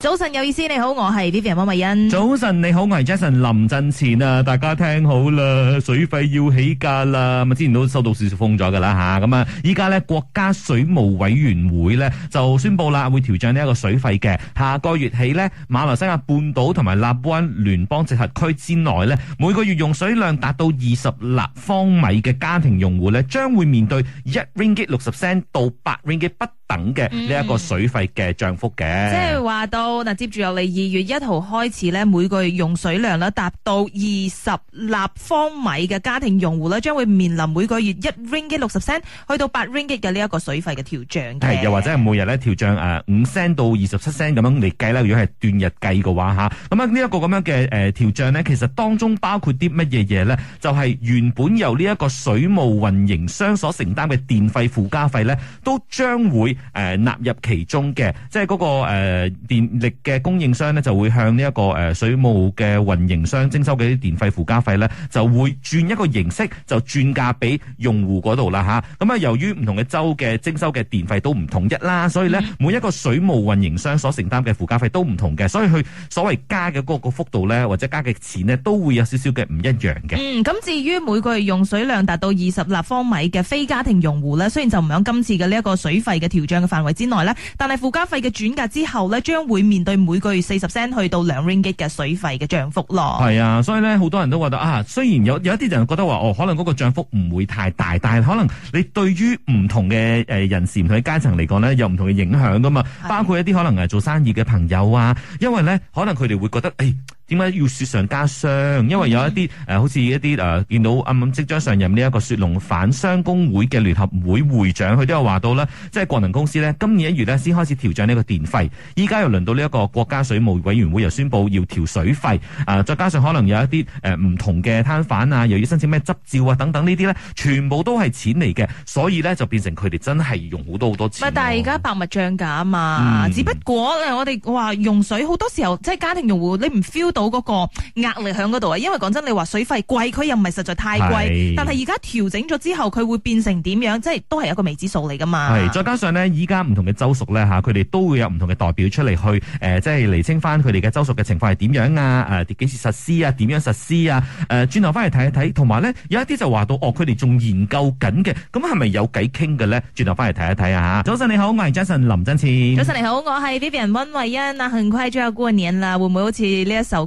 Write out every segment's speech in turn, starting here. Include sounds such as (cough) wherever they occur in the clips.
早晨有意思，你好，我係 Vivian 溫慧欣。早晨你好，我係 Jason 林振前啊！大家聽好啦，水費要起價啦，咪之前都收到少少風咗噶啦吓。咁啊，依家咧國家水務委員會咧就宣布啦，會調漲呢一個水費嘅。下個月起呢，馬來西亞半島同埋納閩聯邦直轄區之內呢，每個月用水量達到二十立方米嘅家庭用戶咧，將會面對一 ringgit 六十 cent 到八 ringgit 不。等嘅呢一個水費嘅漲幅嘅、嗯，嗯、即係話到嗱，接住落嚟二月一號開始咧，每個月用水量咧達到二十立方米嘅家庭用戶咧，將會面臨每個月一 ringgit 六十 cent 去到八 ringgit 嘅呢一個水費嘅調漲，係又或者係每日咧調漲誒五 cent 到二十七 cent 咁樣嚟計啦。如果係段日計嘅話吓，咁啊、呃、呢一個咁樣嘅誒調漲咧，其實當中包括啲乜嘢嘢咧？就係、是、原本由呢一個水務運營商所承擔嘅電費附加費咧，都將會。誒，納入其中嘅，即係嗰個誒電力嘅供應商咧，就會向呢一個誒水務嘅運營商徵收嘅啲電費附加費咧，就會轉一個形式就轉嫁俾用戶嗰度啦吓。咁啊，由於唔同嘅州嘅徵收嘅電費都唔統一啦，所以咧每一個水務運營商所承擔嘅附加費都唔同嘅，所以佢所謂加嘅嗰個幅度咧，或者加嘅錢咧，都會有少少嘅唔一樣嘅。嗯，咁至於每個月用水量達到二十立方米嘅非家庭用戶咧，雖然就唔響今次嘅呢一個水費嘅調。嘅範圍之內咧，但係附加費嘅轉嫁之後咧，將會面對每個月四十 cent 去到兩 ringgit 嘅水費嘅漲幅咯。係啊，所以咧好多人都覺得啊，雖然有有一啲人覺得話哦，可能嗰個漲幅唔會太大，但係可能你對於唔同嘅誒人士、唔同嘅階層嚟講咧，有唔同嘅影響噶嘛。的包括一啲可能係做生意嘅朋友啊，因為咧可能佢哋會覺得誒。哎點解要雪上加霜？因為有一啲誒、嗯呃，好似一啲誒，見、呃、到啱啱即將上任呢一個雪龍反商公會嘅聯合會會長，佢都有話到啦，即係國能公司呢，今年一月呢先開始調漲呢個電費，依家又輪到呢一個國家水務委員會又宣布要調水費，啊、呃，再加上可能有一啲誒唔同嘅攤販啊，又要申請咩執照啊等等呢啲呢，全部都係錢嚟嘅，所以呢就變成佢哋真係用好多好多錢。但係而家百物漲價啊嘛，嗯、只不過我哋話用水好多時候，即、就、係、是、家庭用戶你唔 feel 到到嗰個壓力喺嗰度啊，因為講真，你話水費貴，佢又唔係實在太貴，是但係而家調整咗之後，佢會變成點樣？即係都係一個未知數嚟噶嘛。係再加上呢，依家唔同嘅州屬咧吓，佢、啊、哋都會有唔同嘅代表出嚟去誒、呃，即係釐清翻佢哋嘅州屬嘅情況係點樣啊？誒、呃，幾時實施啊？點樣實施啊？誒、呃，轉頭翻嚟睇一睇，同埋咧有一啲就話到哦，佢哋仲研究緊嘅，咁係咪有偈傾嘅咧？轉頭翻嚟睇一睇啊！早晨你好，我係 Jason 林真志。早晨你好，我係 Vivian 溫慧欣。啊，幸虧最後過年啦，會唔會好似呢一首？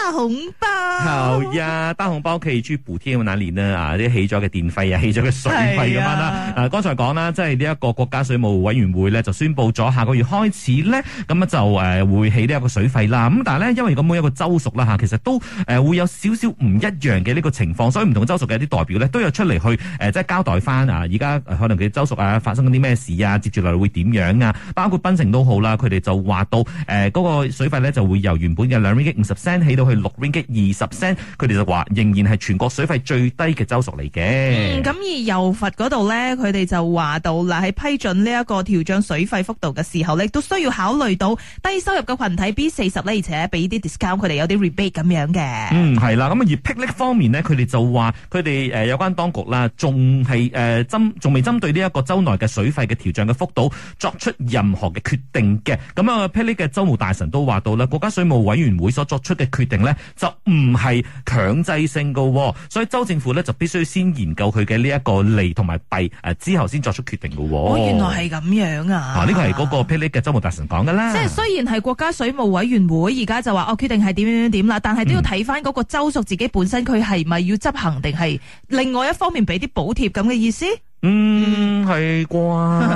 打紅包好呀，係啊！打紅包，企住補貼我哋哪年呢，啊！啲起咗嘅電費啊，起咗嘅水費咁是、啊、樣啦。啊，剛才講啦，即係呢一個國家水務委員會咧就宣佈咗下個月開始咧，咁啊就誒會起呢一個水費啦。咁但係咧，因為咁每一個州屬啦吓，其實都誒會有少少唔一樣嘅呢個情況，所以唔同嘅州屬嘅啲代表咧都有出嚟去誒，即係交代翻啊，而家可能佢州屬啊發生啲咩事啊，接住落嚟會點樣啊？包括檳城都好啦，佢哋就話到誒，嗰、呃那個水費咧就會由原本嘅兩蚊五十 cent 起到。去六 percent 二十 percent，佢哋就話仍然係全國水費最低嘅州屬嚟嘅。嗯，咁而柔佛嗰度咧，佢哋就話到嗱，喺批准呢一個調漲水費幅度嘅時候咧，都需要考慮到低收入嘅群體 B 四十，咧，而且俾啲 discount，佢哋有啲 rebate 咁樣嘅。嗯，係啦，咁而霹靂方面咧，佢哋就話佢哋誒有關當局啦，仲係誒針仲未針對呢一個州內嘅水費嘅調漲嘅幅度作出任何嘅決定嘅。咁啊霹靂嘅州務大臣都話到啦，國家水務委員會所作出嘅決定定咧就唔係強制性㗎，所以州政府咧就必須先研究佢嘅呢一個利同埋弊誒，之後先作出決定嘅。哦，原來係咁樣啊！啊，呢個係嗰個霹靂嘅州務大臣講㗎啦。即係雖然係國家水務委員會而家就話哦，決定係點點點啦，但係都要睇翻嗰個州屬自己本身佢係咪要執行，定係另外一方面俾啲補貼咁嘅意思。嗯，係啩。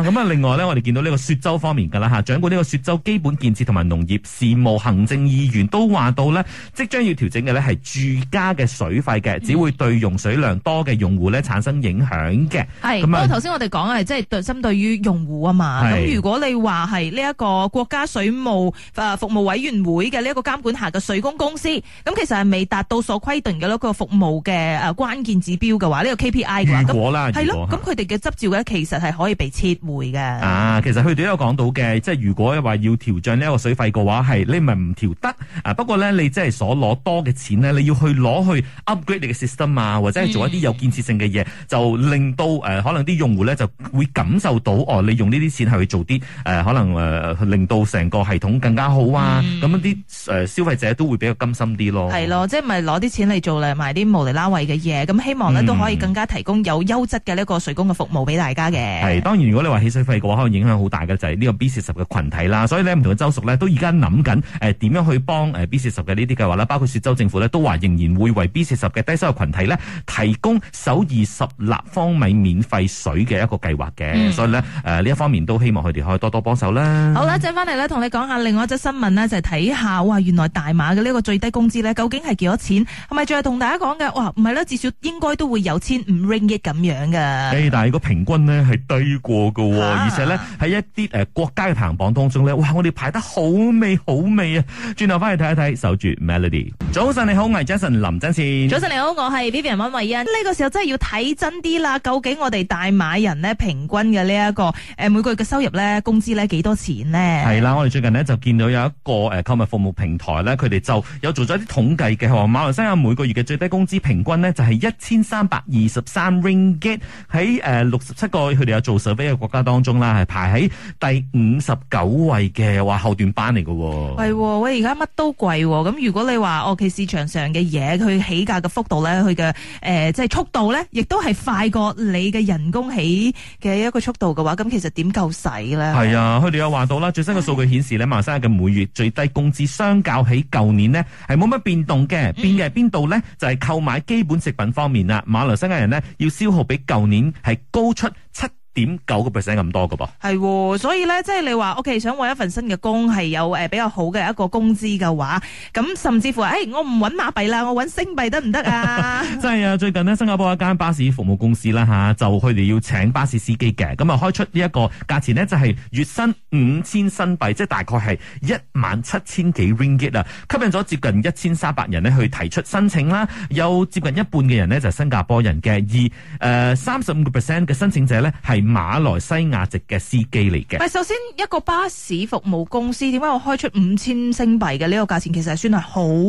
咁啊，另外咧，我哋見到呢個雪州方面噶啦吓，掌管呢個雪州基本建設同埋農業事務行政議員都話到咧，即將要調整嘅咧係住家嘅水費嘅，只會對用水量多嘅用戶咧產生影響嘅。係咁啊，頭先我哋講啊，即係對針對於用戶啊嘛。咁如果你話係呢一個國家水務誒服務委員會嘅呢一個監管下嘅水供公司，咁其實係未達到所規定嘅咯個服務嘅誒關鍵指標嘅話，呢個 KPI 嘅話，如果啦，係咯，咁佢。佢哋嘅執照咧，其實係可以被撤回嘅。啊，其實佢哋都有講到嘅，即係如果話要調漲呢一個水費嘅話，係你咪唔調得。啊，不過咧，你即係所攞多嘅錢咧，你要去攞去 upgrade 你嘅 system 啊，或者係做一啲有建設性嘅嘢，就令到誒可能啲用戶咧就會感受到，哦，你用呢啲錢係去做啲誒可能誒令到成個系統更加好啊。咁啲誒消費者都會比較甘心啲咯。係咯，即係咪攞啲錢嚟做嚟買啲無釐拉位嘅嘢？咁希望咧都可以更加提供有優質嘅呢一個水供。個服務俾大家嘅係，當然如果你話汽水費嘅話，可能影響好大嘅就係呢個 B 四十嘅群體啦。所以呢，唔同嘅州屬呢都而家諗緊誒，點、呃、樣去幫誒 B 四十嘅呢啲計劃啦？包括雪州政府呢都話仍然會為 B 四十嘅低收入群體呢提供首二十立方米免費水嘅一個計劃嘅。嗯、所以呢，誒、呃、呢一方面都希望佢哋可以多多幫手啦。好啦，轉翻嚟呢，同你講下另外一則新聞呢，就係、是、睇下哇，原來大馬嘅呢個最低工資呢究竟係幾多少錢？係咪仲係同大家講嘅哇？唔係啦，至少應該都會有千五 ringgit 咁樣噶。但係個平均咧係低過喎，啊、而且咧喺一啲誒國家嘅排行榜當中咧，哇！我哋排得好尾好尾啊！轉頭翻去睇一睇，守住 Melody。早晨你好，我係 Jason，林真先。早晨你好，我係 Vivian 溫慧欣。呢個時候真係要睇真啲啦，究竟我哋大馬人咧平均嘅呢一個誒、呃、每個月嘅收入咧，工資咧幾多錢呢？係啦，我哋最近呢就見到有一個誒、呃、購物服務平台咧，佢哋就有做咗啲統計嘅，嗬。馬來西亞每個月嘅最低工資平均咧就係一千三百二十三 Ringgit 喺。誒，六十七個佢哋有做 survey 嘅國家當中啦，係排喺第五十九位嘅，話後段班嚟嘅喎。係，喂而家乜都貴喎，咁如果你話，哦其市場上嘅嘢佢起價嘅幅度咧，佢嘅誒即係速度咧，亦都係快過你嘅人工起嘅一個速度嘅話，咁其實點夠使咧？係啊，佢哋又話到啦，最新嘅數據顯示咧，馬來西亞嘅每月最低工資相較起舊年咧係冇乜變動嘅，變嘅係邊度咧？就係購買基本食品方面啊，馬來西亞人咧要消耗比舊年。高出七。點九個 percent 咁多噶噃？係，所以咧，即係你話，OK，想揾一份新嘅工，係有誒比較好嘅一個工資嘅話，咁甚至乎誒、哎，我唔搵馬幣啦，我搵星幣得唔得啊？ (laughs) 真係啊！最近呢，新加坡一間巴士服務公司啦吓、啊，就佢哋要請巴士司機嘅，咁啊開出呢一個價錢呢，就係、是、月薪五千新幣，即、就、係、是、大概係一萬七千幾 ringgit 啊，吸引咗接近一千三百人呢去提出申請啦，有接近一半嘅人呢，就係、是、新加坡人嘅，而誒三十五個 percent 嘅申請者呢，係。馬來西亞籍嘅司機嚟嘅，首先一個巴士服務公司，點解我開出五千星幣嘅呢個價錢，其實係算係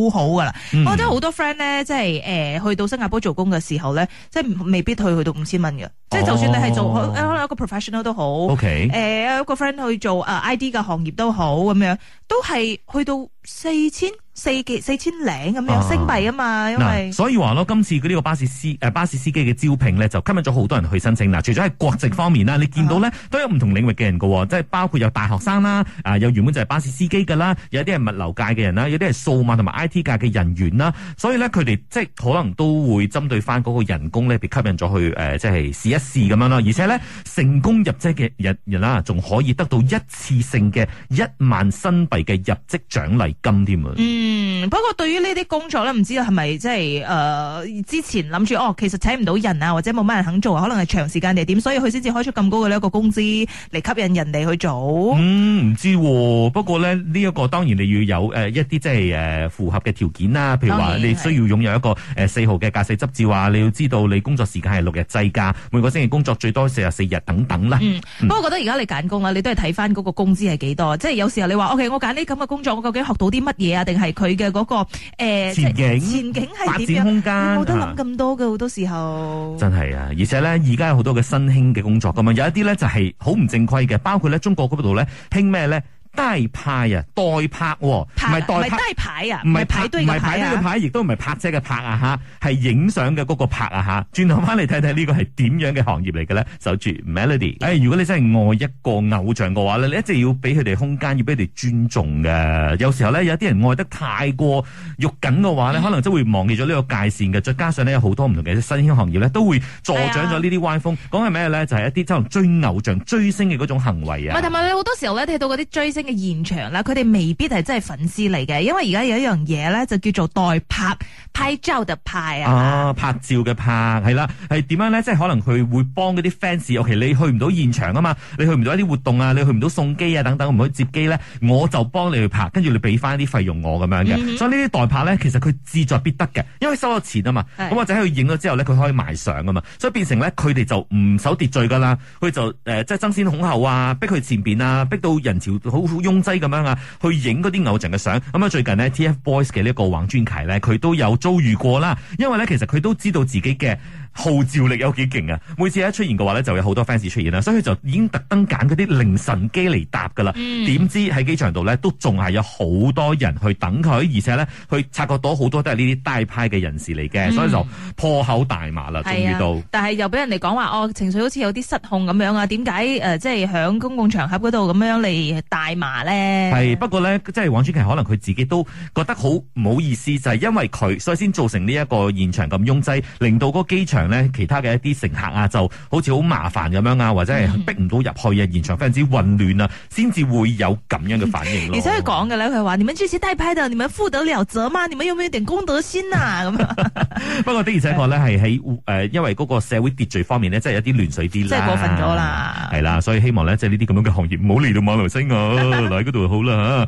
好好噶啦。嗯、我覺得好多 friend 咧，即係誒、呃，去到新加坡做工嘅時候咧，即係未必去到五千蚊嘅，即係、哦、就算你係做好一個 professional 都好，誒 Okay、呃，有一個 friend 去做 ID 嘅行業都好咁樣，都係去到四千。四四千零咁樣新幣啊嘛，因為、啊、所以話咯，今次佢呢個巴士司誒巴士司機嘅招聘咧，就吸引咗好多人去申請。嗱，除咗喺國籍方面啦，你見到咧都有唔同領域嘅人噶，即係包括有大學生啦，啊有原本就係巴士司機噶啦，有啲係物流界嘅人啦，有啲係數碼同埋 I T 界嘅人員啦。所以咧，佢哋即係可能都會針對翻嗰個人工咧，被吸引咗去誒，即係試一試咁樣啦。而且咧，成功入職嘅人人啦，仲可以得到一次性嘅一萬新幣嘅入職獎勵金添啊！嗯嗯，不過對於呢啲工作咧，唔知係咪即係誒之前諗住哦，其實請唔到人啊，或者冇乜人肯做，可能係長時間定係點，所以佢先至開出咁高嘅一個工資嚟吸引人哋去做。嗯，唔知喎、哦，不過呢，呢、這、一個當然你要有誒、呃、一啲即係誒符合嘅條件啦，譬如話你需要擁有一個誒、呃、四號嘅駕駛執照啊，你要知道你工作時間係六日制噶，每個星期工作最多四十四日等等啦。嗯，嗯不過覺得而家你揀工啦，你都係睇翻嗰個工資係幾多，即係有時候你話，O K，我揀呢咁嘅工作，我究竟學到啲乜嘢啊？定係？佢嘅嗰個誒、呃、前景前景係點樣？冇得諗咁多嘅，好是多時候真係啊！而且咧，而家有好多嘅新興嘅工作咁有一啲咧就係好唔正規嘅，包括咧中國嗰度咧興咩咧？低拍啊，代拍、啊，唔係拍代拍，低、啊、拍，拍，拍啊，唔係排隊嘅牌，亦都唔係拍車嘅拍啊，吓係影相嘅嗰個拍啊，吓。轉頭翻嚟睇睇呢個係點樣嘅行業嚟嘅咧？守住 Melody、哎。如果你真係愛一個偶像嘅話咧，你一直要俾佢哋空間，要俾佢哋尊重嘅。有時候咧，有啲人愛得太過肉緊嘅話咧，嗯、可能真會忘記咗呢個界線嘅。再加上咧，有好多唔同嘅新興行業咧，都會助長咗呢啲歪風。講係咩咧？就係、是、一啲真係追偶像、追星嘅嗰種行為啊。唔係，同埋你好多時候咧睇到嗰啲追星。嘅現場啦，佢哋未必係真係粉絲嚟嘅，因為而家有一樣嘢咧，就叫做代拍，拍照就拍啊！哦、啊，拍照嘅拍係啦，係點樣咧？即係可能佢會幫嗰啲 fans，尤其你去唔到現場啊嘛，你去唔到一啲活動啊，你去唔到送機啊等等，唔可以接機咧，我就幫你去拍，跟住你俾翻啲費用我咁樣嘅。嗯、哼所以呢啲代拍咧，其實佢志在必得嘅，因為收咗錢啊嘛。咁或者佢影咗之後咧，佢可以賣相啊嘛，所以變成咧佢哋就唔守秩序噶啦，佢就誒即係爭先恐後啊，逼佢前邊啊，逼到人潮好～擁擠咁樣啊，去影嗰啲偶像嘅相。咁 (noise) 啊樂，最近咧，TFBOYS 嘅呢個王俊凱咧，佢都有遭遇過啦。因為咧，其實佢都知道自己嘅。號召力有幾勁啊！每次一出現嘅話咧，就有好多 fans 出現啦，所以佢就已經特登揀嗰啲凌晨機嚟搭噶啦。點、嗯、知喺機場度咧，都仲係有好多人去等佢，而且咧佢察覺到好多都係呢啲大派嘅人士嚟嘅，嗯、所以就破口大罵啦，仲遇、嗯、到。啊、但係又俾人哋講話哦，情緒好似有啲失控咁樣啊？點解誒，即係響公共場合嗰度咁樣嚟大罵咧？係不過咧，即係黃主杰可能佢自己都覺得好唔好意思，就係、是、因為佢所以先造成呢一個現場咁擁擠，令到嗰個機場，咧其他嘅一啲乘客啊，就好似好麻煩咁樣啊，或者係逼唔到入去啊，嗯、現場非常之混亂啊，先至會有咁樣嘅反應咯。而且佢講嘅咧，佢話：你們這些帶派的，你們負得了責嗎？你們有冇一點公德心啊？咁 (laughs) (laughs) 不過的而且確咧，係喺誒，因為嗰個社會秩序方面咧，真係有啲亂水啲啦，即係過分咗啦。係啦，所以希望咧，即係呢啲咁樣嘅行業，唔好嚟到馬來西亞， (laughs) 留喺嗰度好啦吓。